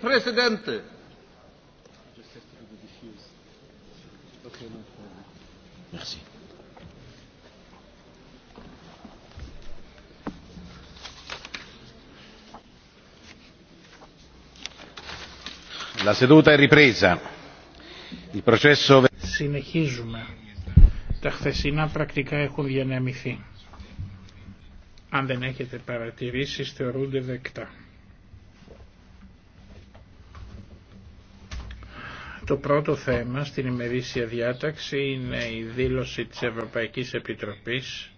Präsident. La seduta è ripresa. Il processo... Συνεχίζουμε. Τα χθεσινά πρακτικά έχουν διανεμηθεί. Αν δεν έχετε παρατηρήσεις θεωρούνται δεκτά. Το πρώτο θέμα στην ημερήσια διάταξη είναι η δήλωση της Ευρωπαϊκής Επιτροπής